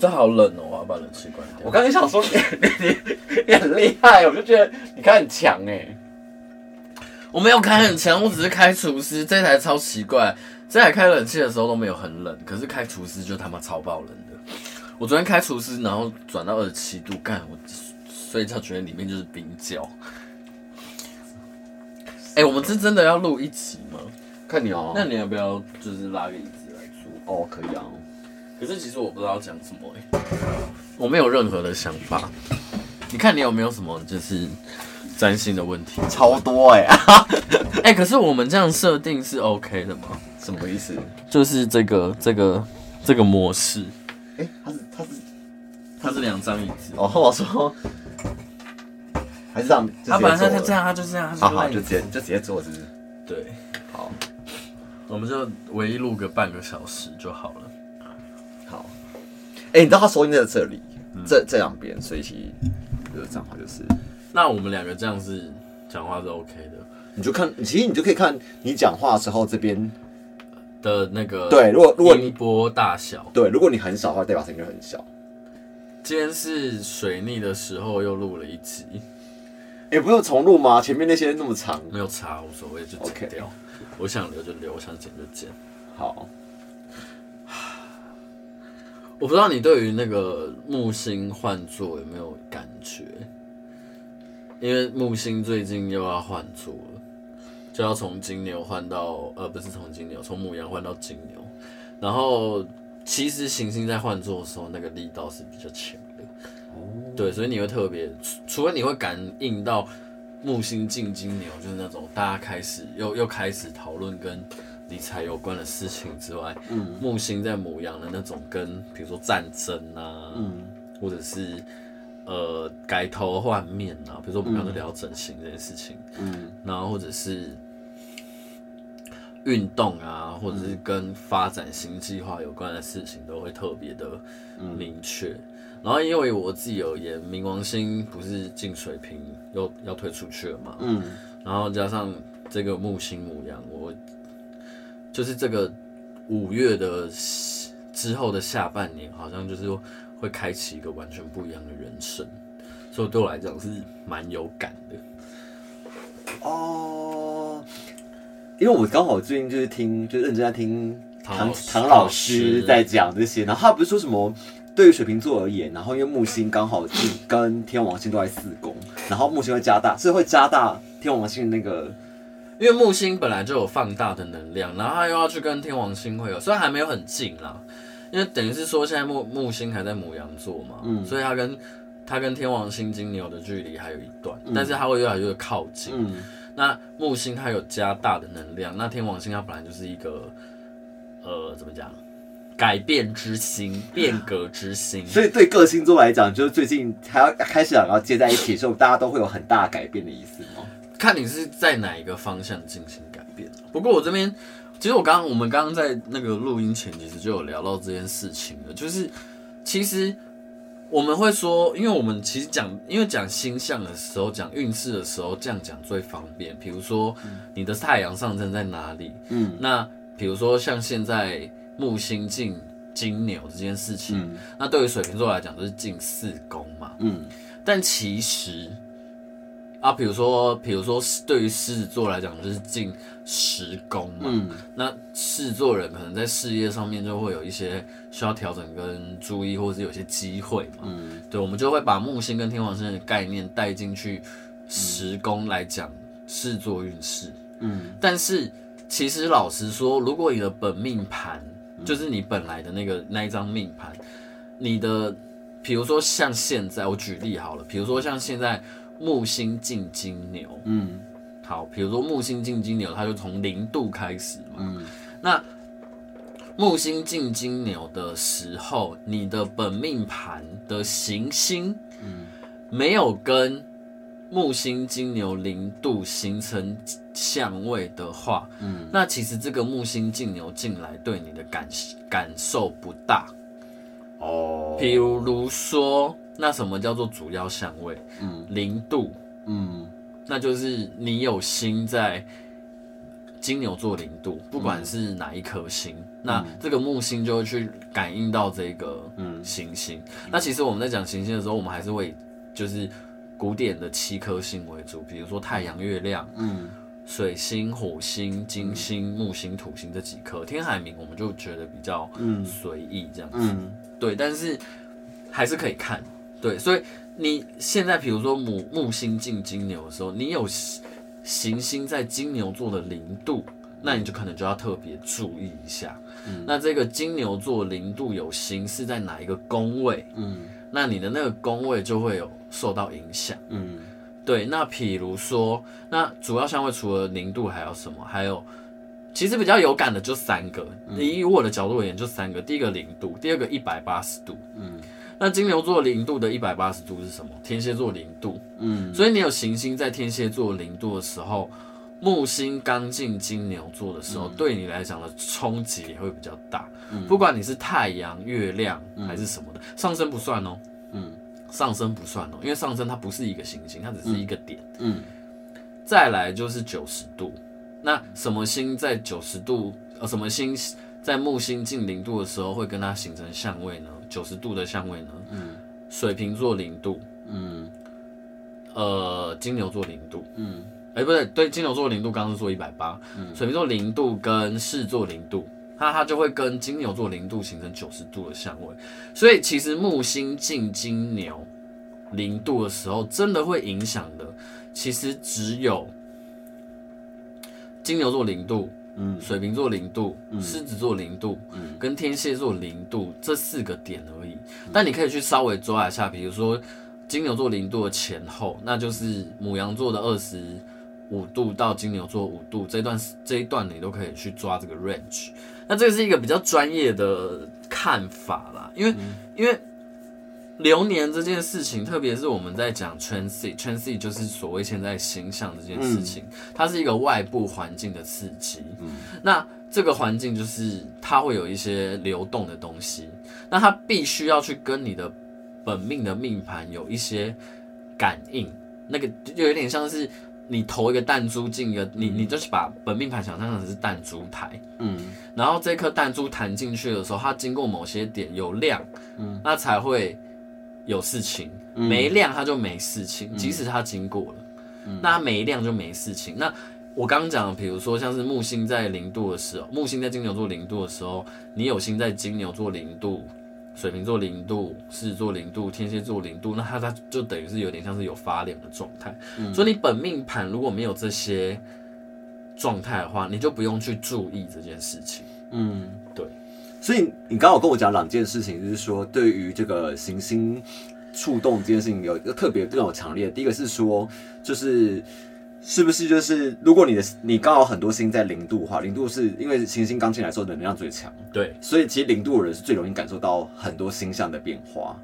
這好冷哦、喔！我要把冷氣關掉。我剛才想說你你你，你很厲害，我就覺得你開很強哎、欸。我沒有開很強，我只是開除濕。這台超奇怪，這台開冷氣的時候都沒有很冷，可是開除濕就他媽超爆冷的。我昨天開除濕，然後轉到二十七度，幹我睡覺覺得裡面就是冰窖。哎、欸，我們是真的要錄一集嗎？看你哦，那你要不要就是拉個椅子來坐？哦，可以啊。可是其實我不知道要講什麼哎、欸，我沒有任何的想法。你看你有沒有什麼就是占星的問題？超多哎！哎，可是我們這樣設定是 OK 的嗎？什麼意思？就是這個這個這個模式。哎，他是他是他是兩張椅子。哦，我說 還是這樣。他本來他就這樣，他就這樣。他好好，就直接就直接坐就是。對，好，我們就唯一錄個半個小時就好了。好，哎、欸，你知道他收音在這裡，嗯、這這兩邊，所以其，就講話就是，那我們兩個這樣子講話是 OK 的，你就看，其實你就可以看你講話的時候這邊的那個，對，如果如果你波大小，對，如果，如果，你，如果你很少的話，代表聲音很小。今天是水逆的時候又錄了一集，也、欸、不用重錄嗎？前面那些那麼長，沒有差，無所謂，就剪掉。Okay. 我想留就留，我想剪就剪，好。我不知道你對於那個木星換座有沒有感覺？因為木星最近又要換座了，就要從金牛換到呃，不是從金牛，從牡羊換到金牛。然後其實行星在換座的時候，那個力道是比較強的。對，所以你會特別，除非你會感應到木星進金牛，就是那種大家開始又又開始討論跟。理財有關的事情之外，嗯、木星在牡羊的那種跟比如說戰爭啊，嗯、或者是呃改頭換面啊。比如說我們剛剛聊整形這件事情，嗯，然後或者是運動啊，或者是跟發展新計劃有關的事情，都會特別的明確、嗯。然後因為我自己而言，冥王星不是進水瓶，又要退出去了嘛，嗯，然後加上這個木星牡羊我。就是這個五月的之後的下半年，好像就是說會開啟一個完全不一樣的人生，所以對我來講是蠻有感的。哦，uh，因為我剛好最近就是聽，就是認真在聽唐唐老師在講這些，然後他不是說什麼對於水瓶座而言，然後因為木星剛好是跟天王星都在四宮，然後木星會加大，所以會加大天王星那個。因為木星本來就有放大的能量，然後他又要去跟天王星會合，雖然還沒有很近啦，因為等於是說現在木木星還在牡羊座嘛，嗯、所以它跟它跟天王星金牛的距離還有一段，嗯、但是它會越來越靠近、嗯。那木星它有加大的能量，那天王星它本來就是一個呃，怎麼講，改變之星，變革之星，嗯、所以對各星座來講，就是最近還要開始想要接在一起的時候，大家都會有很大改變的意思嗎？看你是在哪一個方向進行改變、啊。不過我這邊，其實我剛我們剛剛在那個錄音前，其實就有聊到這件事情了。就是其實我們會說，因為我們其實講，因為講星象的時候，講運勢的時候，這樣講最方便。比如說、嗯、你的太陽上升在哪裡？嗯，那比如說像現在木星進金牛這件事情，嗯、那對於水瓶座來講，就是進四宮嘛。嗯，但其實。啊，比如說，比如說，對於獅子座來講，就是進十宮嘛。嗯、那獅子座人可能在事業上面就會有一些需要調整跟注意，或者是有些機會嘛、嗯。對，我們就會把木星跟天王星的概念帶進去十宮來講、嗯、獅子座運勢。嗯，但是其實老實說，如果你的本命盤、嗯，就是你本來的那個那一張命盤，你的，比如說像現在我舉例好了，比如說像現在。木星進金牛，嗯，好，比如說木星進金牛，它就從零度開始嘛，嗯，那木星進金牛的時候，你的本命盤的行星，嗯，沒有跟木星金牛零度形成相位的話，嗯，那其實這個木星金牛進來對你的感感受不大，哦，譬如說。那什麼叫做主要相位？嗯，零度，嗯，那就是你有星在金牛座零度，不管是哪一顆星，嗯，那這個木星就會去感應到這個行星、星，嗯。那其實我們在講行星的時候，我們還是會就是古典的七顆星為主，比如說太陽、月亮，嗯，水星、火星、金星、嗯、木星、土星這幾顆。天海冥我們就覺得比較嗯隨意這樣子、嗯嗯，對，但是還是可以看。對，所以你現在比如說木木星進金牛的時候，你有行星在金牛座的零度，那你就可能就要特別注意一下。嗯，那這個金牛座零度有星是在哪一個宮位？嗯，那你的那個宮位就會有受到影響。嗯，對。那比如說，那主要相位除了零度還有什麼？還有，其實比較有感的就三個。你以我的角度而言，就三個：第一個零度，第二個一百八十度。嗯。那金牛座零度的一百八十度是什麼？天蠍座零度，嗯，所以你有行星在天蠍座零度的時候，木星剛進金牛座的時候，嗯、對你來講的衝擊也會比較大，嗯，不管你是太陽、月亮還是什麼的，嗯、上升不算哦、喔，嗯，上升不算哦、喔，因為上升它不是一個行星，它只是一個點，嗯，嗯，再來就是九十度，那什麼星在九十度？呃，什麼星在木星進零度的時候會跟它形成相位呢？九十度的相位呢？嗯，水瓶座零度，嗯，呃，金牛座零度，嗯，哎，不對，對，金牛座零度，剛剛是做一百八，水瓶座零度跟獅子座零度，那它就會跟金牛座零度形成九十度的相位，所以其實木星進金牛零度的時候，真的會影響的，其實只有金牛座零度，嗯，水瓶座零度，嗯、獅子座零度，嗯、跟天蠍座零度這四個點而已、嗯。但你可以去稍微抓一下，比如說金牛座零度的前後，那就是牡羊座的二十五度到金牛座五度這段這一段你都可以去抓這個 range。那這個是一個比較專業的看法啦，因為、嗯、因為。流年這件事情，特別是我們在講圈 C，圈 C 就是所謂現在星象這件事情，嗯、它是一個外部環境的刺激。嗯，那這個環境就是它會有一些流動的東西，那它必須要去跟你的本命的命盤有一些感應。那個就有點像是你投一個彈珠進一個，嗯、你你就是把本命盤想象成是彈珠台，嗯，然後這顆彈珠彈進去的時候，它經過某些點有亮，嗯，那才會。有事情，沒亮他就沒事情、嗯。即使他經過了，嗯、那沒亮就沒事情。嗯、那我剛剛講的，比如說像是木星在零度的時候，木星在金牛座零度的時候，你有星在金牛座零度、水瓶座零度、獅子座零度、天蠍座零度，那它它就等於是有點像是有發亮的狀態、嗯。所以你本命盤如果沒有這些狀態的話，你就不用去注意這件事情。嗯，對。所以你剛好跟我講兩件事情，就是說，對於這個行星觸動這件事情有一個特別更有強烈。第一個是說，就是是不是就是如果你的你剛好很多星星在零度的話，零度是因為行星剛進來的時候的能量最強，對，所以其實零度的人是最容易感受到很多星象的變化，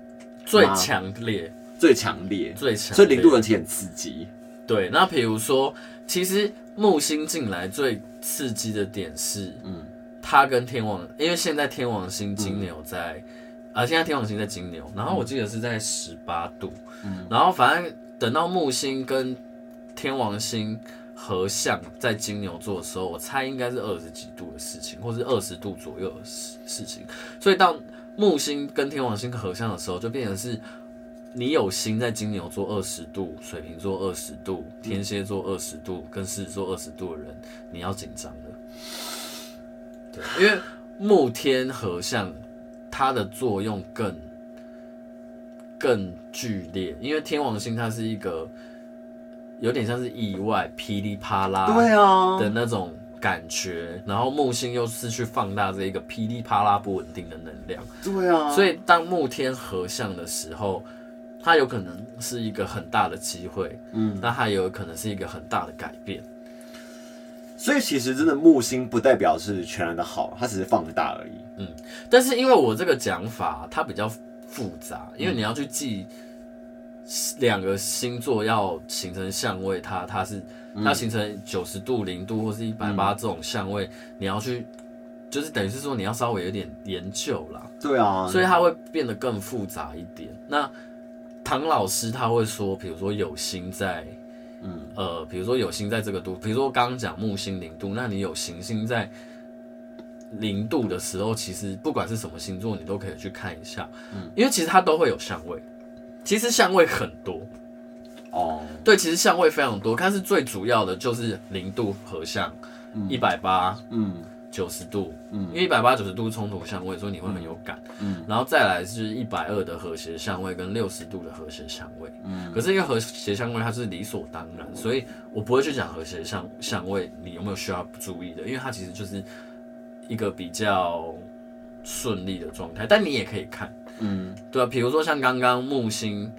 最強烈，烈，最強烈，最強，所以零度人其實很刺激。對，那比如說，其實木星進來最刺激的點是，嗯。他跟天王，因為現在天王星金牛在、嗯，啊，現在天王星在金牛，然後我記得是在十八度、嗯，然後反正等到木星跟天王星合相在金牛座的時候，我猜應該是二十幾度的事情，或是二十度左右的事事情。所以到木星跟天王星合相的時候，就變成是你有星在金牛座二十度、水瓶座二十度、天蠍座二十度、跟獅子座二十度的人，你要緊張。因為木天合相，它的作用更更劇烈。因為天王星它是一個有點像是意外、噼裡啪啦對啊的那種感覺，然後木星又是去放大這一個噼裡啪啦不穩定的能量，對啊。所以當木天合相的時候，它有可能是一個很大的機會，嗯，那它有可能是一個很大的改變。所以其實真的木星不代表是全然的好，它只是放大而已。嗯，但是因為我這個講法它比較複雜，因為你要去記兩個星座要形成相位，它它是它形成九十度、零度或是一百八這種相位，嗯，你要去就是等於是說，你要稍微有點研究啦。對啊，所以它會變得更複雜一點。那唐老師他會說，比如說有星在。嗯，呃，比如說有星在這個度，比如說剛剛講木星零度，那你有行星在零度的時候，其實不管是什麼星座，你都可以去看一下，嗯，因為其實它都會有相位，其實相位很多，哦，對，其實相位非常多，但是最主要的就是零度合相，一百八，嗯。180，嗯九十度，嗯，因為一百八九十度衝突相位，所以你會很有感。嗯，然後再來是一百二的和諧相位跟六十度的和諧相位。嗯，可是因為和諧相位它是理所當然，嗯，所以我不會去講和諧相相位你有沒有需要注意的，因為它其實就是一個比較順利的狀態。但你也可以看，嗯，對啊，比如說像剛剛木星。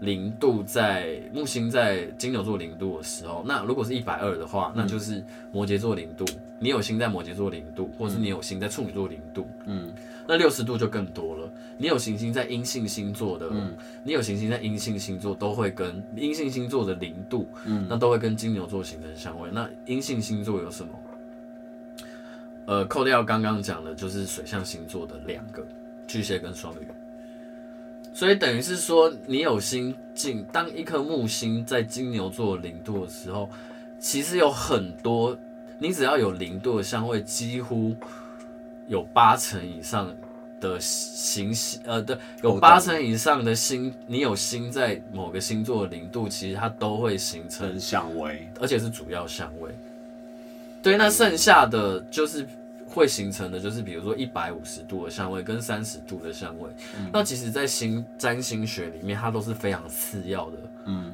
零度在木星在金牛座零度的時候，那如果是一百二的話，那就是摩羯座零度。嗯、你有星在摩羯座零度，或者是你有星在處女座零度，嗯，那六十度就更多了。你有行星在陰性星座的、嗯，你有行星在陰性星座都會跟陰性星座的零度，嗯，那都會跟金牛座形成相位。那陰性星座有什麼？呃，扣掉剛剛講的，就是水象星座的兩個巨蟹跟雙魚。所以等於是說，你有星進。當一顆木星在金牛座零度的時候，其實有很多，你只要有零度的相位，幾乎有八成以上的行星，呃，對，有八成以上的星，你有星在某個星座零度，其實它都會形成相位，而且是主要相位。對，那剩下的就是。會形成的就是，比如說一百五十度的相位跟三十度的相位，嗯，那其實在星占星學裡面，它都是非常次要的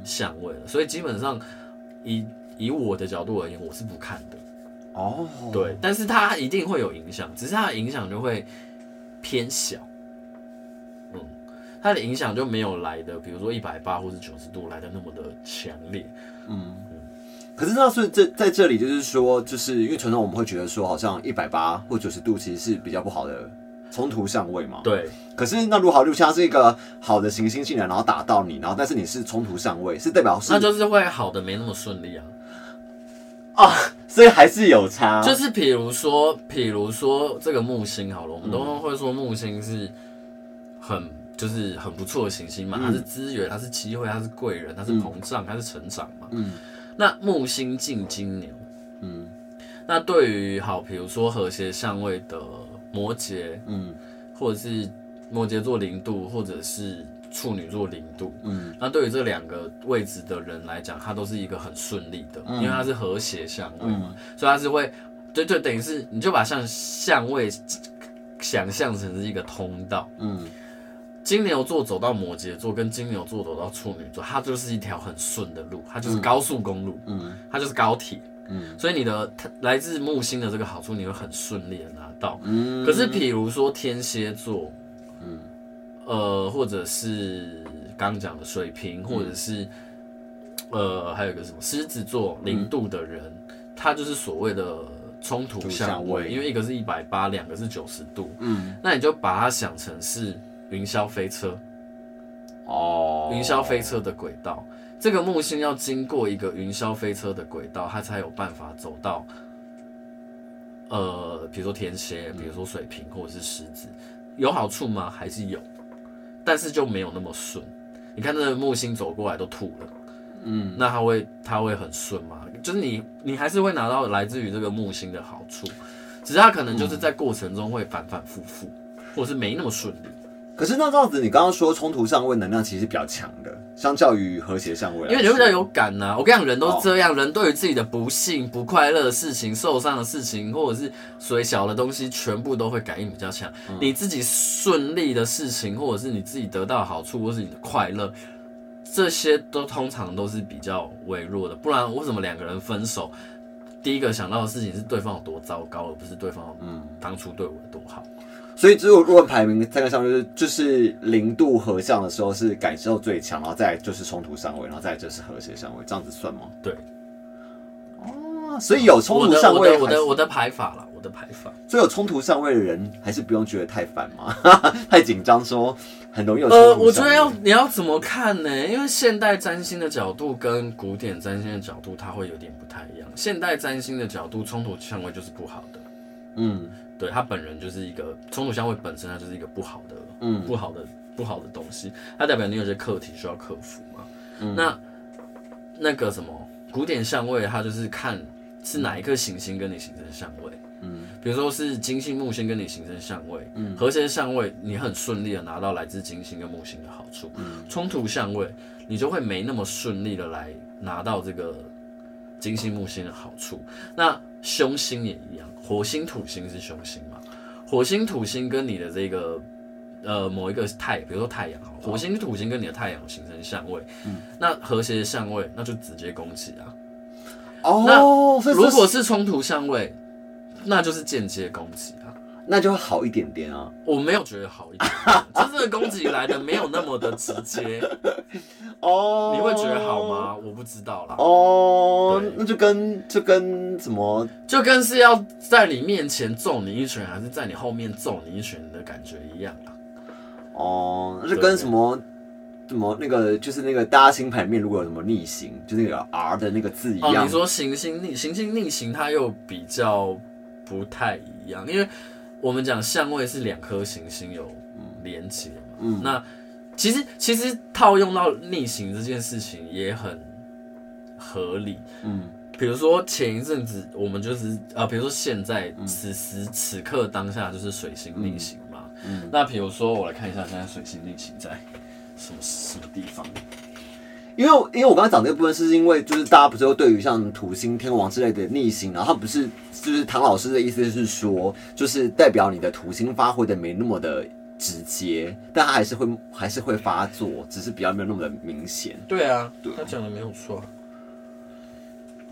相位，嗯，所以基本上以以我的角度而言，我是不看的。哦，對，但是它一定會有影響，只是它的影響就會偏小。嗯，它的影響就沒有來的，比如說一百八或是九十度來的那麼的強烈。嗯。可是那是這在這裡，就是說，就是因為傳統我們會覺得說，好像一百八或九十度其實是比較不好的衝突相位嘛。對。可是那如果好，它是一個好的行星進來，然後打到你，然後但是你是衝突相位，是代表是？那就是會好的沒那麼順利啊。啊，所以還是有差。就是比如說，比如說這個木星好了，我們都會說木星是很就是很不錯的行星嘛，嗯、它是資源，它是機會，它是貴人，它是膨脹，它是成長嘛。嗯。那木星進金牛，嗯，那對於好，比如說和諧相位的摩羯，嗯，或者是摩羯座零度，或者是處女座零度，嗯，那對於這兩個位置的人來講，它都是一個很順利的，嗯、因為它是和諧相位嘛、嗯，所以它是會，就就等於是你就把相相位想象成是一個通道，嗯。金牛座走到摩羯座，跟金牛座走到處女座，它就是一條很順的路，它就是高速公路，嗯，它就是高鐵，嗯，所以你的它來自木星的這個好處，你會很順利的拿到、嗯。可是，譬如說天蠍座，嗯，呃，或者是剛講的水瓶、嗯，或者是呃，還有一個什麼獅子座零度的人，他、嗯、就是所謂的衝突相位，因為一個是一百八，兩個是九十度，嗯，那你就把它想成是。雲霄飛車，哦，雲霄飛車的軌道，這個木星要經過一個雲霄飛車的軌道，它才有辦法走到，呃，比如說天蠍，比如說水瓶、嗯、或者是獅子，有好處嗎？還是有，但是就沒有那麼順。你看這個木星走過來都吐了，嗯，那它會它會很順嗎？就是你你還是會拿到來自於這個木星的好處，只是它可能就是在過程中會反反复覆、嗯，或是沒那麼順利。可是那這樣子，你剛剛說衝突相位能量其實比較強的，相較於和諧相位。因為人比較有感吶、啊，我跟你講，人都是這樣、哦，人對於自己的不幸、不快樂的事情、受傷的事情，或者是所以小的東西，全部都會感應比較強、嗯。你自己順利的事情，或者是你自己得到的好處，或是你的快樂，這些都通常都是比較微弱的。不然為什麼兩個人分手，第一個想到的事情是對方有多糟糕，而不是對方嗯當初對我有多好？嗯所以只有論排名，三個相位，就是就是零度合相的時候是感受最強，然後再就是衝突相位，然後再就是和諧相位，這樣子算嗎？對。啊，所以有衝突相位，我的我的我的排法啦，我的排法。所以有衝突相位的人還是不用覺得太煩嘛， 太緊張，說很容易有衝突相位。呃，我覺得要你要怎麼看呢、欸？因為現代占星的角度跟古典占星的角度它會有點不太一樣。現代占星的角度，衝突相位就是不好的。嗯。對，他本人就是一個衝突相位，本身它就是一個不好的，嗯，不好的，不好的東西。它代表你有些課題需要克服嘛。嗯、那那個什麼古典相位，它就是看是哪一顆行星跟你形成相位，嗯，比如說是金星木星跟你形成相位，嗯，和諧相位你很順利的拿到來自金星跟木星的好處，嗯，衝突相位你就會沒那麼順利的來拿到這個金星木星的好處。那凶星也一樣。火星土星是凶星嘛？火星土星跟你的這個呃某一個是太，比如說太陽、哦，火星土星跟你的太陽形成相位、嗯，那和諧相位，那就直接攻擊啊。哦，那如果是衝突相位、哦、那如果是衝突相位，那就是間接攻擊。那就會好一點點啊！我沒有覺得好一點，點， 就是攻擊來的沒有那麼的直接。哦， 你會覺得好嗎？我不知道啦。哦，oh,，那就跟就跟什麼，就跟是要在你面前揍你一拳，還是在你後面揍你一拳的感覺一樣哦，啊，oh, 那就跟什麼什麼那個就是那個大星盤面，如果有什麼逆行，就是、那個 R 的那個字一樣。Oh, 你說行星逆，行星逆行，它又比較不太一樣，因為。我們講相位是兩顆行星有連接嘛？嗯？嗯，那其實其實套用到逆行這件事情也很合理。嗯，比如說前一陣子我們就是啊，比如說現在此時此刻當下就是水星逆行嘛，嗯嗯。嗯，那比如說我來看一下現在水星逆行在什麼什麼地方。因為，因為我剛剛講那部分，是因為就是大家不是都對於像土星、天王之類的逆行，然後他不是就是唐老師的意思就是說，就是代表你的土星發揮的沒那麼的直接，但它還是會還是會發作，只是比較沒有那麼的明顯。對啊，對他講的沒有錯。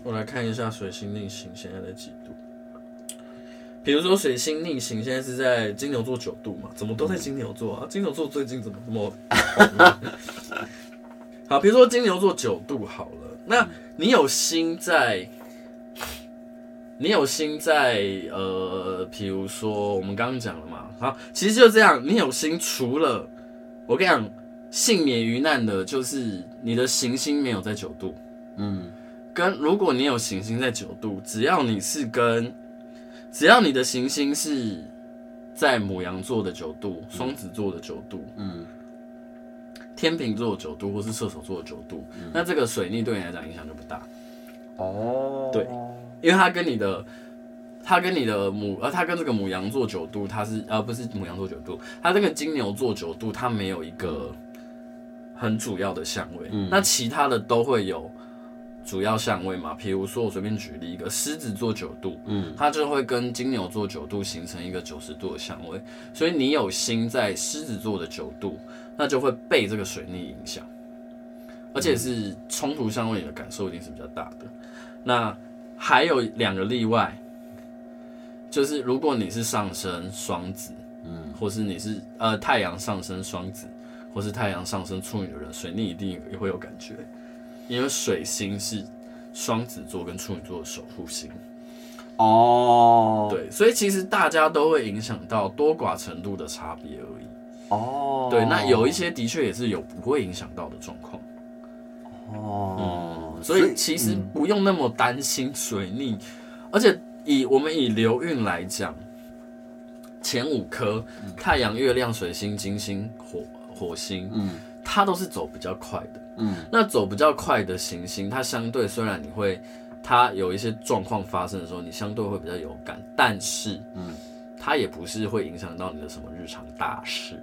我來看一下水星逆行現在在幾度。比如說水星逆行現在是在金牛座九度嘛？怎麼都在金牛座啊？金牛座最近怎麼這麼？ 好，比如說金牛座九度好了，那你有心在，你有心在呃，譬如說我們剛剛講了嘛，好，其實就這樣，你有心除了我跟你講幸免於難的，就是你的行星沒有在九度，嗯，跟如果你有行星在九度，只要你是跟，只要你的行星是在牡羊座的九度，雙子座的九度，嗯。嗯天秤座九度，或是射手座九度，那這個水逆對你來講影響就不大。哦，對，因為它跟你的，它跟你的牡，呃，它跟這個牡羊座九度，它是呃不是牡羊座九度，它這個金牛座九度，它沒有一個很主要的相位。嗯，那其他的都會有主要相位嘛。比如說我隨便舉例一個獅子座九度，嗯，它就會跟金牛座九度形成一個九十度的相位，所以你有星在獅子座的九度。那就會被這個水逆影響，而且是衝突相位的感受一定是比較大的。那還有兩個例外，就是如果你是上升雙子，嗯，或是你是呃太陽上升雙子，或是太陽上升處女的人，水逆一定也會有感覺，因為水星是雙子座跟處女座的守護星。哦，對，所以其實大家都會影響到，多寡程度的差別而已。哦、oh.，對，那有一些的確也是有不會影響到的狀況，哦、oh. 嗯，所以其實不用那麼擔心水逆、嗯，而且以我們以流運來講，前五顆、嗯、太陽、月亮、水星、金星、火火星，嗯，它都是走比較快的，嗯，那走比較快的行星，它相對雖然你會它有一些狀況發生的時候，你相對會比較有感，但是，嗯，它也不是會影響到你的什麼日常大事。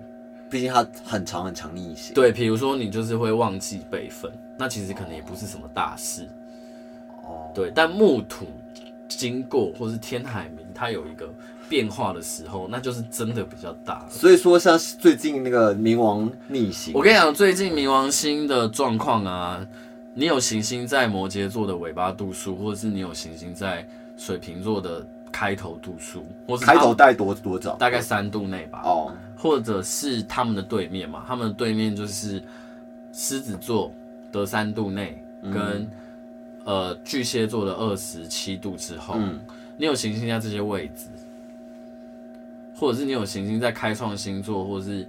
畢竟它很長，很長逆行，對，比如說你就是會忘記備份，那其實可能也不是什麼大事。哦、oh.，對。但木土經過，或是天海冥，它有一個變化的時候，那就是真的比較大。所以說，像是最近那個冥王逆行，我跟你講，最近冥王星的狀況啊，你有行星在摩羯座的尾巴度數，或者是你有行星在水瓶座的。開頭度數，或者開頭帶多多早，大概三度內吧。哦、oh.，或者是他們的對面嘛，他們的對面就是獅子座的三度內、嗯，跟呃巨蟹座的二十七度之後，嗯，你有行星在這些位置，或者是你有行星在開創星座或者是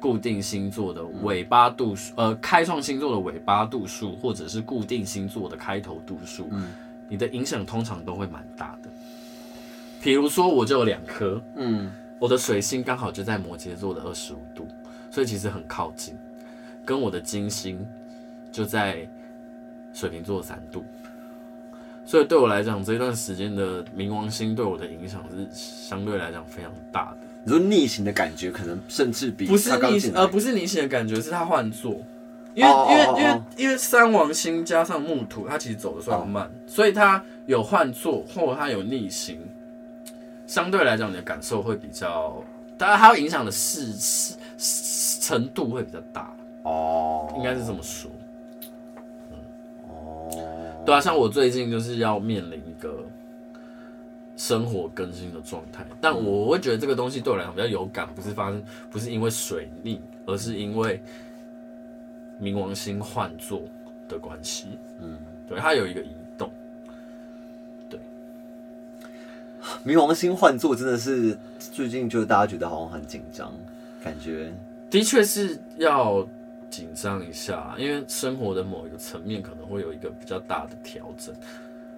固定星座的尾巴度數、嗯，呃，開創星座的尾巴度數，或者是固定星座的開頭度數，嗯，你的影響通常都會蠻大的。比如說，我就有兩顆，嗯，我的水星剛好就在摩羯座的二十五度，所以其實很靠近，跟我的金星就在水瓶座三度，所以對我來講，這一段時間的冥王星對我的影響是相對來講非常大的。如果逆行的感覺，可能甚至比不是逆，而不是逆行的感覺，是他換座，因為哦哦哦哦因為因為因為三王星加上木土，它其實走的算慢、哦，所以他有換座，或者他有逆行。相對來講，你的感受會比較大，當然它會影響的是是程度會比較大哦，oh. 應該是這麼說，嗯哦，oh. 對啊，像我最近就是要面臨一個生活更新的狀態，但我會覺得這個東西對我來講比較有感，不是發生，不是因為水逆，而是因為冥王星換座的關係，嗯、mm.，對，它有一個。冥王星換座真的是最近，就是大家覺得好像很緊張，感覺的確是要緊張一下，因為生活的某一個層面可能會有一個比較大的調整。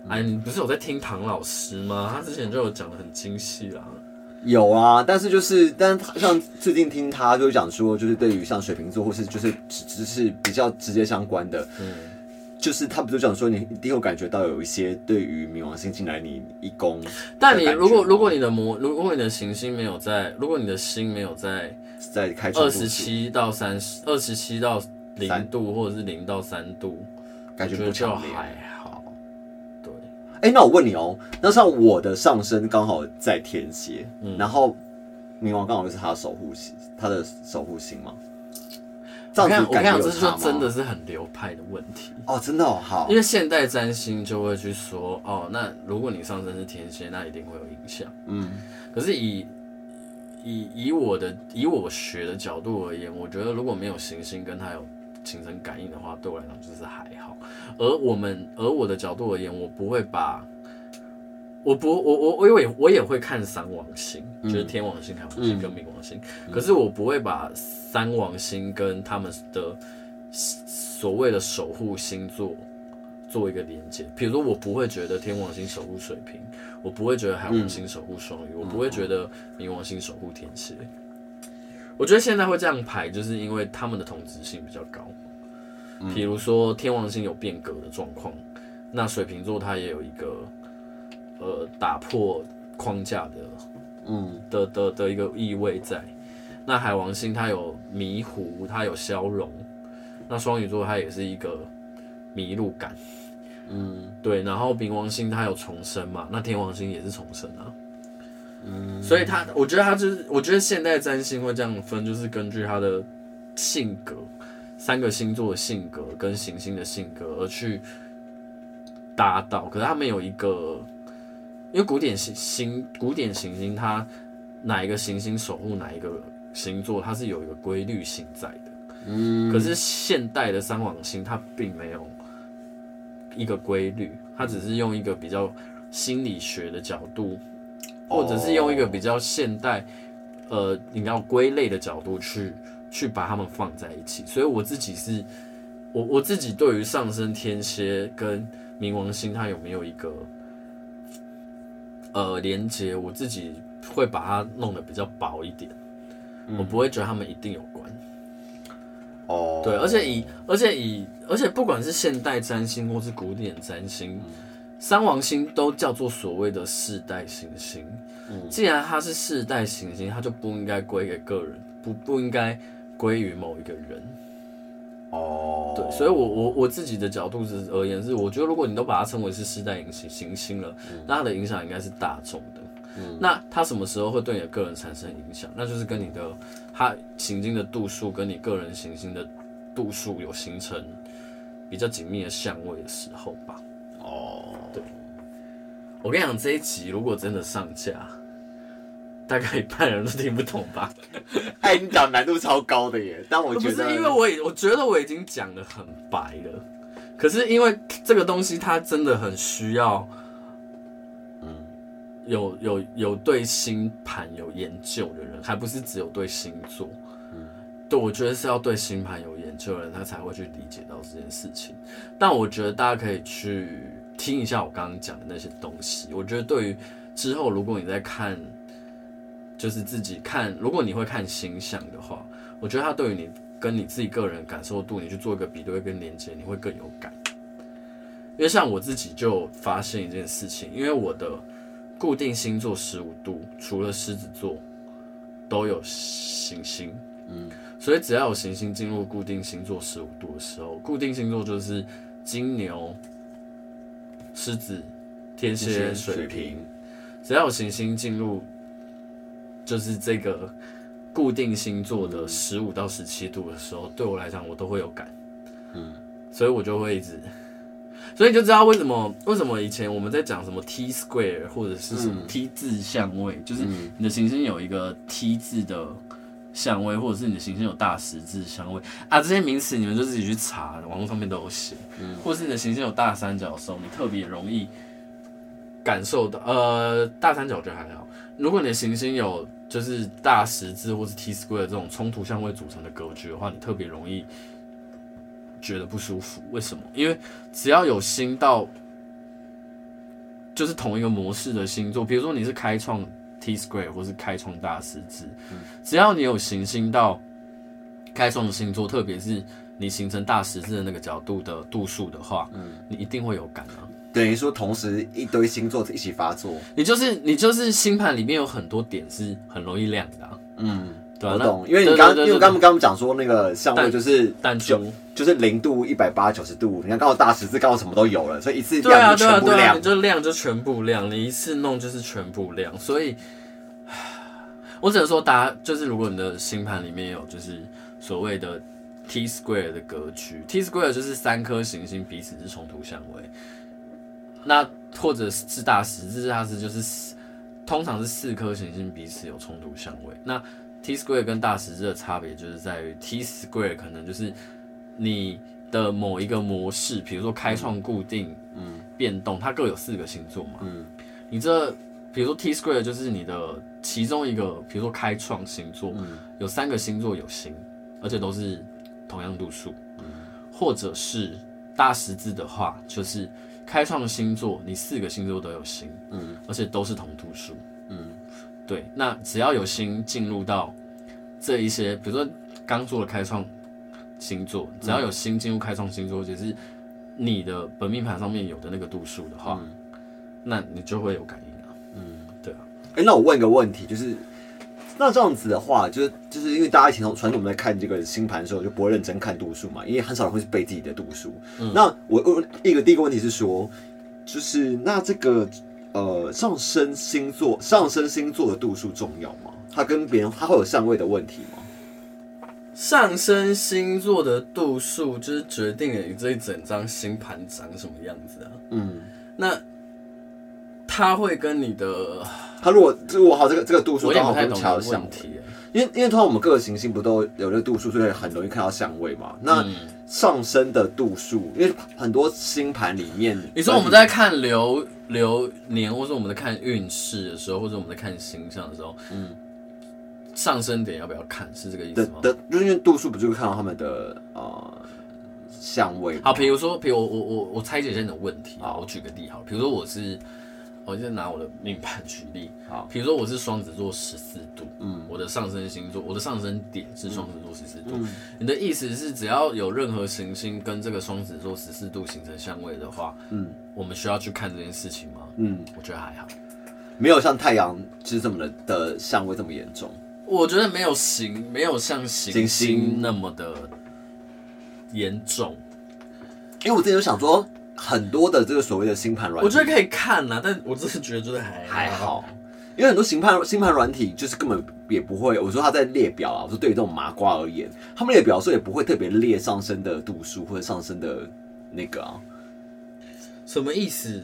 嗯。哎，你不是有在聽唐老師嗎？他之前就有講得很精細啦。有啊，但是就是，但像最近聽他就是講說，就是對於像水瓶座或是就是只是比較直接相關的，嗯。就是他不是講說你，一定有感覺到有一些對於冥王星進來你一攻，但你如果如果你的魔，如果你的行星沒有在，如果你的星沒有在在開二十七到三十，二十七到零度或者是零到三度，感覺不覺就還好。對，哎、欸，那我問你哦、喔，那像我的上升剛好在天蠍、嗯，然後冥王剛好就是他的守護星、嗯，他的守護星嘛。到我看，我跟你講，這、就是說真的是很流派的問題哦，真的、哦、好。因為現代占星就會去說，哦，那如果你上升是天蠍，那一定會有影響。嗯，可是以以以我的以我學的角度而言，我覺得如果沒有行星跟他有形成感應的話，對我來講就是還好。而我們而我的角度而言，我不會把。我不，我我我，因為我也會看三王星，就、嗯、是天王星、海王星跟冥王星、嗯。可是我不會把三王星跟他們的所謂的守護星座做一個連接。比如說，我不會覺得天王星守護水瓶，我不會覺得海王星守護雙魚、嗯，我不會覺得冥王星守護天蠍、嗯。我覺得現在會這樣排，就是因為他們的統治性比較高。比如說，天王星有變革的狀況、嗯，那水瓶座它也有一個。呃，打破框架的，嗯，的的的一個意味在。那海王星它有迷糊，它有消融。那雙魚座它也是一個迷路感，嗯，對。然後冥王星它有重生嘛？那天王星也是重生啊。嗯，所以他，我覺得他就是，我覺得現代占星會這樣分，就是根據他的性格，三個星座的性格跟行星的性格而去搭到。可是他沒有一個。因為古典行星，古典行星它哪一個行星守護哪一個星座，它是有一個規律性在的。可是現代的三王星它並沒有一個規律，它只是用一個比較心理學的角度，或者是用一個比較現代呃你要歸類的角度去去把它們放在一起。所以我自己是，我我自己對於上升天蠍跟冥王星它有沒有一個。呃，連接我自己會把它弄得比較薄一點，嗯、我不會覺得他們一定有關。哦、嗯，對，而且以而且以而且不管是現代占星或是古典占星，嗯、三王星都叫做所謂的世代行星。嗯、既然它是世代行星，它就不應該歸給個人，不不應該歸於某一個人。哦、oh.，對，所以我，我我我自己的角度是而言是，我覺得如果你都把它稱為是世代影行行星了，mm. 那它的影響應該是大眾的。Mm. 那它什麼時候會對你的個人產生影響？那就是跟你的它行經的度數跟你個人行星的度數有形成比較緊密的相位的時候吧。哦、oh.，對，我跟你講，這一集如果真的上架。大概一半人都聽不懂吧。哎、 欸，你講難度超高的耶，但我覺得不是因為我已，我覺得我已經講得很白了。可是因為這個東西，它真的很需要，嗯，有有有對星盤有研究的人，還不是只有對星座。嗯、對，我覺得是要對星盤有研究的人，他才會去理解到這件事情。但我覺得大家可以去聽一下我剛剛講的那些東西。我覺得對於之後，如果你在看。就是自己看，如果你會看星象的話，我覺得它對於你跟你自己個人感受度，你去做一個比對跟連接，你會更有感。因為像我自己就發現一件事情，因為我的固定星座十五度，除了獅子座都有行星，嗯，所以只要有行星進入固定星座十五度的時候，固定星座就是金牛、獅子、天蠍、水瓶，只要有行星進入。就是這個固定星座的十五到十七度的時候，對我來講，我都會有感，嗯，所以我就會一直，所以就知道為什麼為什麼以前我們在講什麼 T square 或者是什麼 T 字相位，就是你的行星有一個 T 字的相位，或者是你的行星有大十字相位啊，這些名詞你們就自己去查，網絡上面都有寫，嗯，或是你的行星有大三角的時候，你特別容易感受到，呃，大三角就還好。如果你的行星有就是大十字，或是 T square 這種衝突相位組成的格局的話，你特別容易覺得不舒服。為什麼？因為只要有星到就是同一個模式的星座，比如說你是開創 T square 或是開創大十字，嗯，只要你有行星到開創的星座，特別是你形成大十字的那個角度的度數的話，嗯，你一定會有感的。等於說，同時一堆星座一起發作，你就是你就是星盤裡面有很多點是很容易亮的、啊。嗯對、啊，我懂，因為你剛，因為我剛剛講說那個相位就是單純，就是零度一百八九十度。你看剛好大十字，剛好什麼都有了，所以一次亮就全部亮。對啊對啊對啊對啊，就亮就全部亮，你一次弄就是全部亮。所以，我只能說，大家就是如果你的星盤裡面有就是所謂的 T square 的格局，T square 就是三顆行星彼此是衝突相位。那或者是大十字，大十字就是四，通常是四顆行星彼此有衝突相位。那 T Square 跟大十字的差別就是在於 T Square 可能就是你的某一個模式，比如說開創、固定、嗯，變動，它各有四個星座嘛，嗯，你這比如說 T Square 就是你的其中一個，比如說開創星座，嗯，有三個星座有星，而且都是同樣度數，嗯，或者是大十字的話，就是。開創星座，你四個星座都有星，嗯，而且都是同度數，嗯，對。那只要有星進入到這一些，比如說剛做的開創星座，只要有星進入開創星座，就是你的本命盤上面有的那個度數的話，嗯，那你就會有感應啊，嗯，對啊。誒、欸，那我問一個問題，就是。那這樣子的話，就是就是因為大家以前傳統在看這個星盤的時候，就不會認真看度數嘛，因為很少人會背自己的度數。嗯。那我問一個第一個問題是說，就是那這個呃上升星座，上升星座的度數重要嗎？它跟別人它會有相位的問題嗎？上升星座的度數就是決定了你這一整張星盤長什麼樣子啊。嗯，那它會跟你的。他如果正好這個這個度數剛好跟橋相提，因為因為通常我們各個行星不都有這個度數，所以很容易看到相位嘛。那上升的度數、嗯，因為很多星盤裡面，你說我們在看流流年，或者我們在看運勢的時候，或者我們在看星象的時候，嗯，上升點要不要看？是這個意思嗎？的，的就是、因為度數不就是看到他們的呃相位？好，比如說，比如我我我拆解一下你的問題好，我舉個例好了，比如說我是。我現在拿我的命盤舉例，好，比如說我是雙子座十四度，嗯，我的上升星座，我的上升點是雙子座十四度，嗯。你的意思是，只要有任何行星跟這個雙子座十四度形成相位的話，嗯，我們需要去看這件事情嗎？嗯，我覺得還好，沒有像太陽是這麼的的相位這麼嚴重。我覺得沒有行，沒有像行星那麼的嚴重，因為、欸、我自己有想說。很多的這個所謂的星盤軟體，我覺得可以看吶，但我真的覺得真的還還好，因為很多星盤星盤軟體就是根本也不會，我說他在列表啊，我說對於這種麻瓜而言，他們列表的時候也不會特別列上升的度數或者上升的那個啊，什麼意思？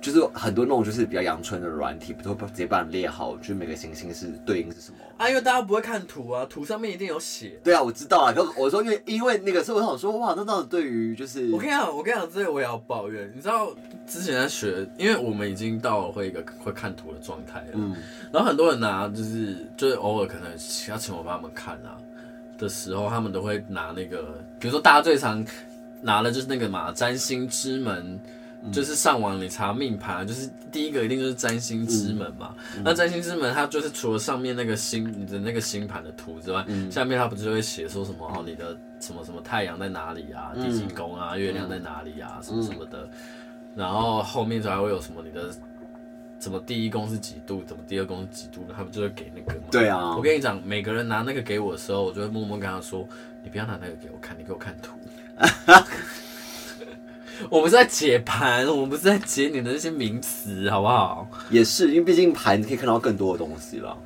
就是很多那種就是比較陽春的軟體，不都直接把你列好？就是每個行星，星是對應是什麼？啊，因為大家不會看圖啊，圖上面一定有寫啊。對啊，我知道啊。我我說因為因為那個時候我想說，哇，那到底對於就是……我跟你講，我跟你講，這個我也要抱怨，你知道之前在學，因為我們已經到了會一個會看圖的狀態了。嗯。然後很多人拿就是，就是就是偶爾可能要請我幫他們看啊的時候，他們都會拿那個，比如說大家最常拿的就是那個嘛，占星之門。就是上網你查命盤，啊，就是第一個一定就是占星之門嘛。嗯、那占星之門，它就是除了上面那個星你的那個星盤的圖之外，嗯，下面它不就會寫說什麼，嗯、哦，你的什麼什麼太陽在哪裡啊，第幾宮啊，嗯，月亮在哪裡啊，嗯，什麼什麼的。然後後面就還會有什麼你的怎麼第一宮是幾度，怎麼第二宮是幾度，它不就會給那個嘛。對啊，我跟你講，每個人拿那個給我的時候，我就會默默跟他說，你不要拿那個給我看，你給我看圖。 我們是在解盤，我們不是在解你的那些名詞，好不好？也是，因為畢竟盤可以看到更多的東西了。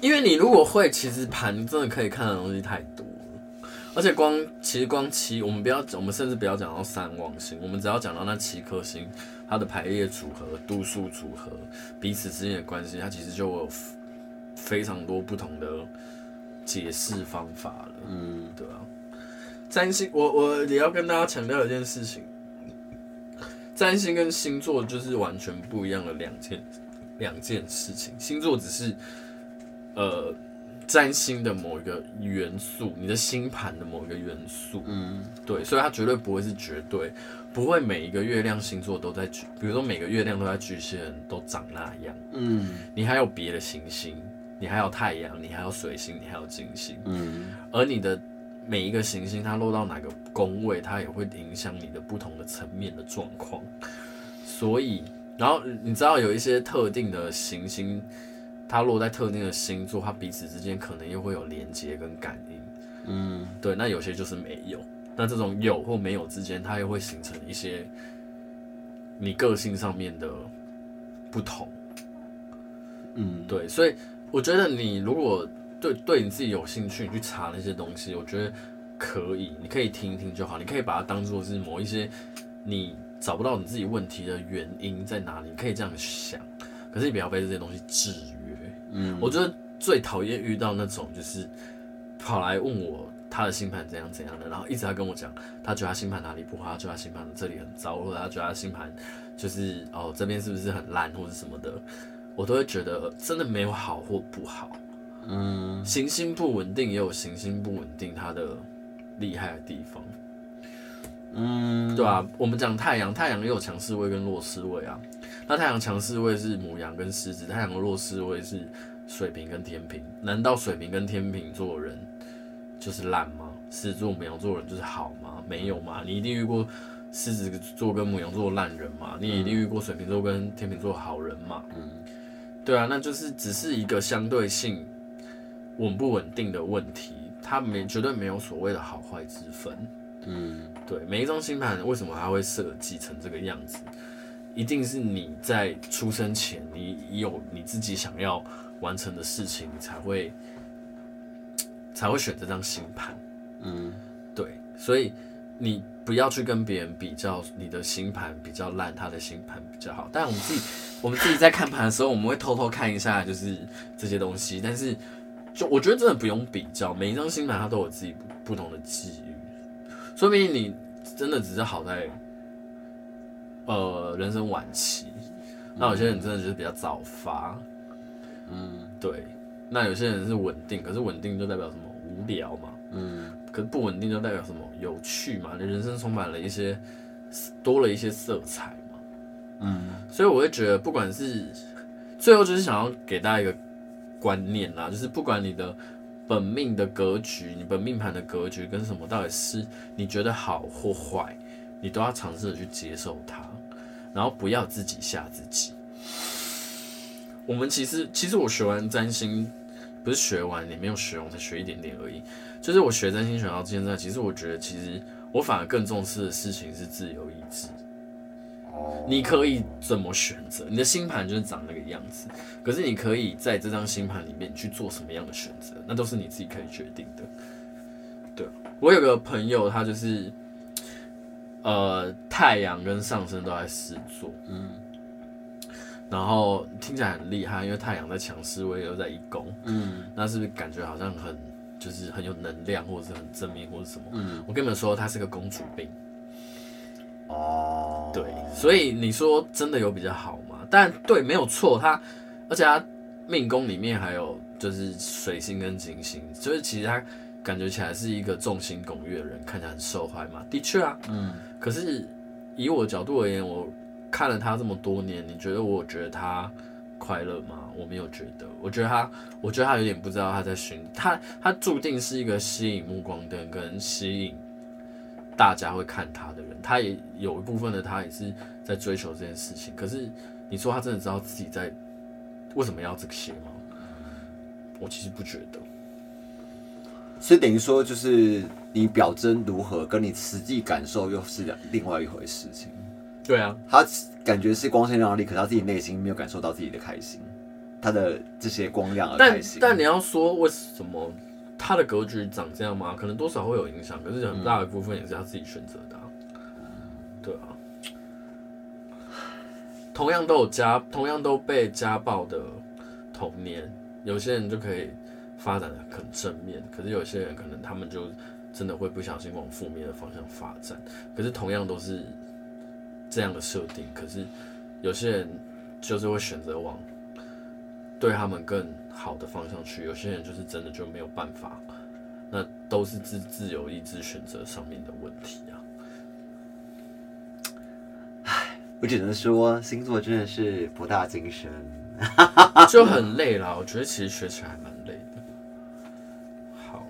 因為你如果會，其實盤真的可以看的東西太多了。而且光其實光七，我們不要，我們甚至不要講到三王星，我們只要講到那七顆星，它的排列組合、度數組合、彼此之間的關係，它其實就會有非常多不同的解釋方法了。嗯，對啊。占星，我我也要跟大家強調一件事情，占星跟星座就是完全不一樣的兩件兩件事情。星座只是呃占星的某一個元素，你的星盤的某一個元素。嗯，對，所以它絕對不會是絕對，不會每一個月亮星座都在，比如說每個月亮都在巨蟹人都長那樣。嗯，你還有別的行星，你還有太陽，你還有水星，你還有金星。嗯，而你的。每一個行星，它落到哪個宮位，它也會影響你的不同的層面的狀況。所以，然後你知道有一些特定的行星，它落在特定的星座，它彼此之間可能又會有連接跟感應。嗯，對。那有些就是沒有。那這種有或沒有之間，它又會形成一些你個性上面的不同。嗯，對。所以我覺得你如果。對，對你自己有興趣，你去查那些東西，我覺得可以，你可以聽一聽就好，你可以把它當做是某一些你找不到你自己問題的原因在哪裡，你可以這樣想。可是你不要被這些東西制約。嗯，我覺得最討厭遇到那種就是跑來問我他的星盤怎樣怎樣的，然後一直在跟我講，他覺得他星盤哪裡不好，他覺得他星盤這裡很糟，或者他覺得他星盤就是哦這邊是不是很爛或者什麼的，我都會覺得真的沒有好或不好。嗯，行星不穩定也有行星不穩定它的厲害的地方，嗯，對啊。我們講太陽，太陽也有強勢位跟弱勢位啊。那太陽強勢位是牡羊跟獅子，太陽的弱勢位是水瓶跟天秤。難道水瓶跟天秤座人就是爛嗎？獅子座牡羊座人就是好嗎？沒有嘛？你一定遇過獅子座跟牡羊座爛人嘛？你一定遇過水瓶座跟天秤座好人嘛？嗯，對啊，那就是只是一個相對性。穩不穩定的問題，它沒絕對，沒有所謂的好壞之分，嗯，對，每一張星盤為什麼它會設計成這個樣子？一定是你在出生前，你有你自己想要完成的事情你才，才會才會選這張星盤，嗯，對，所以你不要去跟別人比較，你的星盤比較爛，他的星盤比較好。但我們自己， 我們自己在看盤的時候，我們會偷偷看一下，就是這些東西，但是。就我覺得真的不用比較，每一張星盤它都有自己不同的際遇，所以你真的只是好在，呃，人生晚期。那有些人真的就是比較早發，嗯，對。那有些人是穩定，可是穩定就代表什麼無聊嘛，嗯。可是不穩定就代表什麼有趣嘛？你人生充滿了一些多了一些色彩嘛，嗯。所以我會覺得，不管是最後，就是想要給大家一個。觀念啦，就是不管你的本命的格局，你本命盤的格局跟什麼，到底是你覺得好或壞，你都要嘗試的去接受它，然後不要自己嚇自己。我們其實，其實我學完占星，不是學完，也沒有學，我才學一點點而已。就是我學占星學到現在，其實我覺得，其實我反而更重視的事情是自由意志。你可以怎麼選擇？你的星盤就是長那個樣子，可是你可以在這張星盤裡面去做什麼樣的選擇，那都是你自己可以決定的。對，我有個朋友，他就是呃太陽跟上升都在獅子座，嗯，然後聽起來很厲害，因為太陽在強勢位又在一宮，嗯，那是不是感覺好像很就是很有能量或者是很正面或者什麼？嗯，我跟你們說，他是個公主病。哦、oh.，對，所以你說真的有比較好嗎？但對，沒有錯，他，而且他命宮裡面還有就是水星跟金星，所、就、以、是，其實他感覺起來是一個眾星拱月的人，看起來很受歡嘛。的確啊，嗯、mm.。可是以我角度而言，我看了他這麼多年，你覺得我覺得他快樂嗎？我沒有覺得，我覺得他，我覺得他有點不知道他在尋他，他注定是一個吸引目光燈跟吸引。大家會看他的人，他也有一部分的他也是在追求這件事情。可是你說他真的知道自己在為什麼要這些嗎？我其實不覺得。所以等於說，就是你表徵如何，跟你實際感受又是兩、另外一回事情。對啊，他感覺是光鮮亮麗，可是他自己內心沒有感受到自己的開心。他的這些光亮開心，但但你要說為什麼？他的格局長這樣嗎？可能多少會有影響，可是很大的部分也是他自己選擇的啊。對啊，同樣都有家，同樣都被家暴的童年，有些人就可以發展的很正面，可是有些人可能他們就真的會不小心往負面的方向發展。可是同樣都是這樣的設定，可是有些人就是會選擇往。對他們更好的方向去，有些人就是真的就沒有辦法，那都是自自由意志選擇上面的問題啊。唉，我只能說，星座真的是博大精深， 就很累了。我覺得其實學起來蠻累的。好，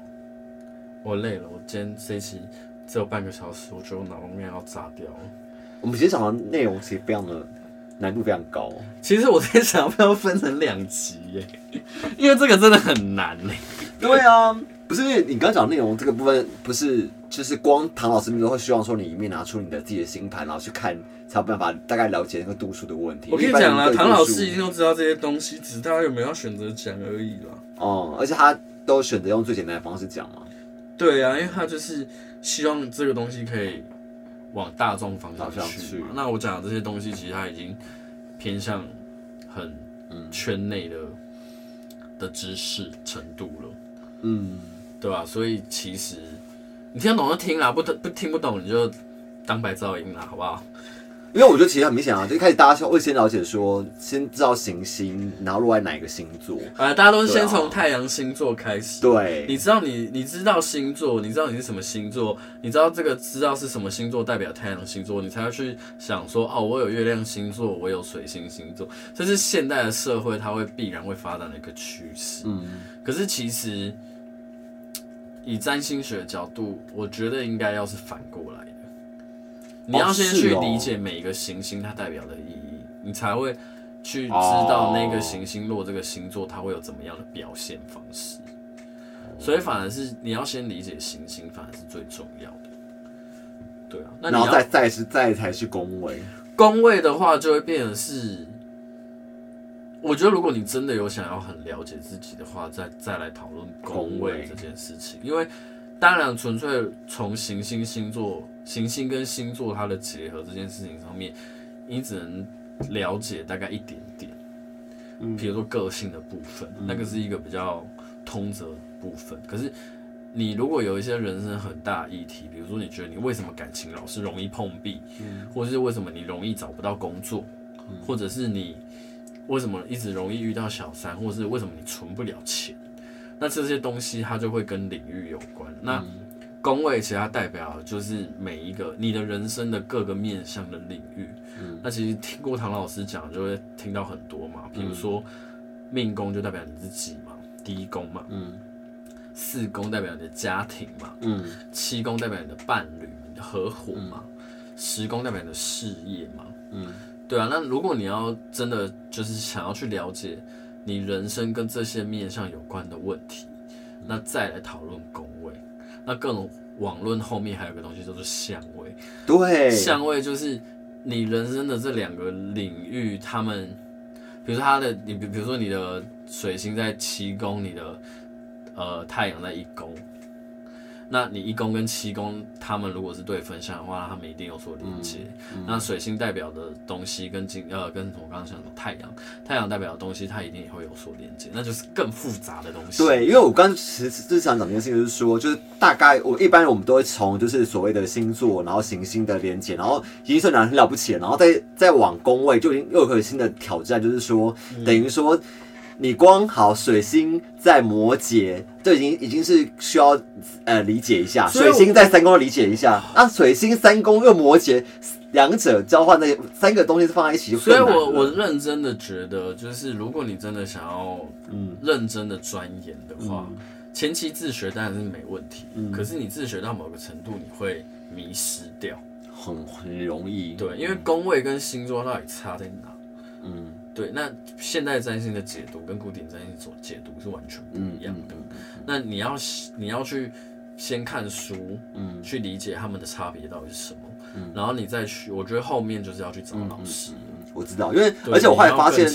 我累了，我今天這一期只有半個小時，我覺得我腦容量要炸掉了。我們今天講的內容其實非常的。難度非常高，其實我在想，要不要分成兩集耶， 因為這個真的很難呢。對啊， 不是因為你剛講的內容，這個部分不是就是光唐老師你都會希望說你一面拿出你的自己的星盤然後去看，才有辦法大概了解那個度數的問題。我跟你講啊，唐老師已經都知道這些東西，只是大家有沒有選擇講而已啦。哦、嗯，而且他都選擇用最簡單的方式講嘛。對啊，因為他就是希望這個東西可以。往大眾方向去嘛，去，那我講的這些東西，其實它已經偏向很圈內的、嗯、的知識程度了，嗯，對吧？所以其實你聽得懂就聽啦，不不聽不懂你就當白噪音啦，好不好？因為我覺得其實很明顯啊，就一開始大家會先了解說，先知道行星，然後落在哪一個星座。啊，大家都是先從太陽星座開始。對，你知道你你知道星座，你知道你是什麼星座，你知道這個知道是什麼星座代表太陽星座，你才要去想說，哦，我有月亮星座，我有水星星座。這是現代的社會，它會必然會發展的一個趨勢。嗯，可是其實以占星學的角度，我覺得應該要是反過來。你要先去理解每一個行星它代表的意義，哦哦、你才會去知道那個行星落、哦、這個星座它會有怎麼樣的表現方式。哦、所以反而是你要先理解行星，反而是最重要的。對啊，那你要然後再再，再，再，再，再是再才是宮位。宮位的話就會變成是，我覺得如果你真的有想要很了解自己的話，再再來討論宮位這件事情，因為當然純粹從行星星座。行星跟星座它的結合這件事情上面，你只能了解大概一點點。嗯，比如說個性的部分，嗯、那個是一個比較通則的部分。嗯、可是，你如果有一些人生很大的議題，比如說你覺得你為什麼感情老是容易碰壁，嗯、或者是為什麼你容易找不到工作、嗯，或者是你為什麼一直容易遇到小三，或者是為什麼你存不了錢，那這些東西它就會跟領域有關。那、嗯宮位其實它代表就是每一個你的人生的各個面向的領域，嗯、那其實聽過唐老師講，就會聽到很多嘛。比如說命宮就代表你自己嘛，第一宮嘛，嗯，四宮代表你的家庭嘛，嗯，七宮代表你的伴侶、你的合夥嘛，嗯、十宮代表你的事業嘛，嗯，對啊。那如果你要真的就是想要去了解你人生跟這些面向有關的問題，嗯、那再來討論宮。那各種網論後面還有個東西叫做相位。對，相位就是你人生的這兩個領域，他們，比如說他的，你，比，比如說你的水星在七宮，你的呃太陽在一宮。那你一宮跟七宮，他們如果是對分相的話，他們一定有所連接。嗯嗯。那水星代表的東西跟金呃，跟我剛剛講的太陽，太陽代表的東西，它一定也會有所連接，那就是更複雜的東西。對，因為我剛其實之前講一件事情，就是說，就是大概我一般我們都會從就是所謂的星座，然後行星的連接，然後已經算很了不起，然後再再往宮位，就已經又有一個新的挑戰，就是說，等於說。嗯你光好水星在摩羯就已經已經是需要呃理解一下，水星在三宮理解一下，那、啊、水星三宮又摩羯兩者交換那三個東西放在一起，所以我我認真的覺得，就是如果你真的想要嗯認真的鑽研的話、嗯，前期自學當然是沒問題，嗯、可是你自學到某個程度，你會迷失掉，很很容易對、嗯，因為宮位跟星座到底差在哪？嗯。對，那現代占星的解讀跟古典占星所解讀是完全不一樣的、嗯嗯。那你要你要去先看書，嗯，去理解他們的差別到底是什麼，嗯，然後你再去，我覺得後面就是要去找老師。嗯嗯、我知道，因為而且我後來發現，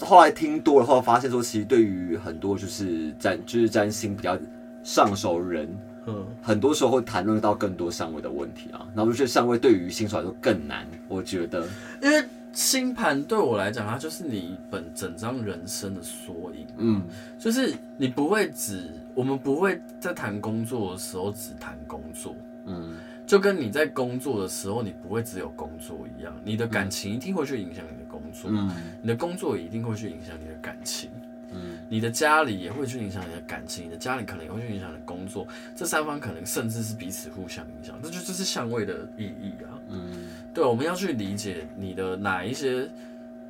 後來聽多了後發現說，其實對於很多就是占就是占星比較上手人，嗯，很多時候會談論到更多上位的問題啊，然後我就覺得上位對於新手來說更難，我覺得，因為。星盤對我來講，它就是你本整張人生的縮影。嗯，就是你不會只，我們不會在談工作的時候只談工作。嗯，就跟你在工作的時候，你不會只有工作一樣，你的感情一定會去影響你的工作。嗯，你的工作一定會去影響你的感情。你的家裡也會去影響你的感情，你的家裡可能也會去影響你的工作，這三方可能甚至是彼此互相影響，這就這是相位的意義啊。嗯，對，我們要去理解你的哪一些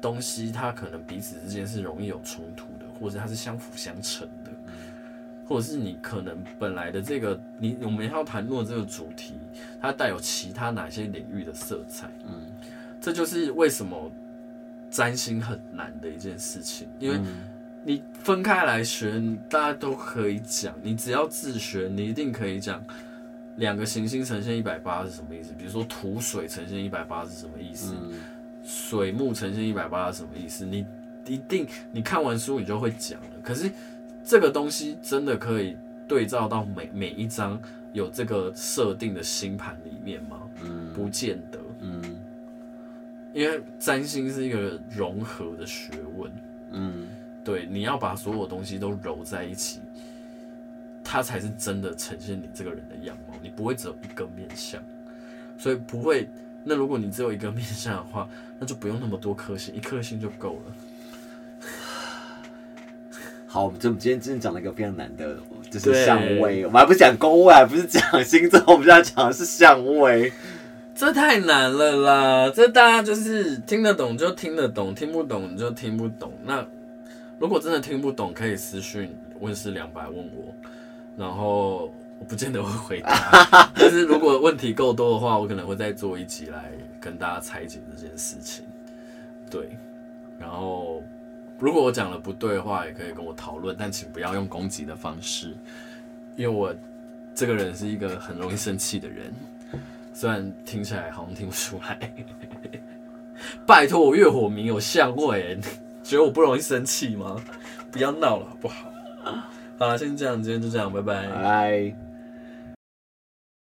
東西，它可能彼此之間是容易有衝突的，嗯、或者它是相輔相成的、嗯，或者是你可能本來的這個你我們也要談論這個主題，它帶有其他哪些領域的色彩？嗯，這就是為什麼占星很難的一件事情，因為、嗯。你分開來學，大家都可以講。你只要自學，你一定可以講。兩個行星呈現一百八是什麼意思？比如說土水呈現一百八是什麼意思？嗯、水木呈現一百八是什麼意思？你一定你看完書，你就會講了。可是這個東西真的可以對照到每每一張有這個設定的星盤裡面嗎？嗯，不見得。嗯，因為占星是一個融合的學問。嗯。對，你要把所有東西都揉在一起，它才是真的呈現你這個人的樣貌。你不會只有一個面相，所以不會。那如果你只有一個面相的話，那就不用那麼多顆星，一顆星就夠了。好，就我們這今天真的講了一個非常難的，就是相位。我們還不講宮位，還不是講星座，我們現在講的是相位。這太難了啦！這大家就是聽得懂就聽得懂，聽不懂就聽不懂。那。如果真的聽不懂，可以私訊問事兩百問我，然後我不見得會回答。 但是如果問題夠多的話，我可能會再做一集來跟大家拆解這件事情。對，然後如果我講的不對的話，也可以跟我討論，但請不要用攻擊的方式，因為我這個人是一個很容易生氣的人，雖然聽起來好像聽不出來。 拜托，我月火冥有相位。覺得我不容易生氣嗎？不要鬧了，好不好？好啦，先這樣，今天就這樣，拜拜。拜。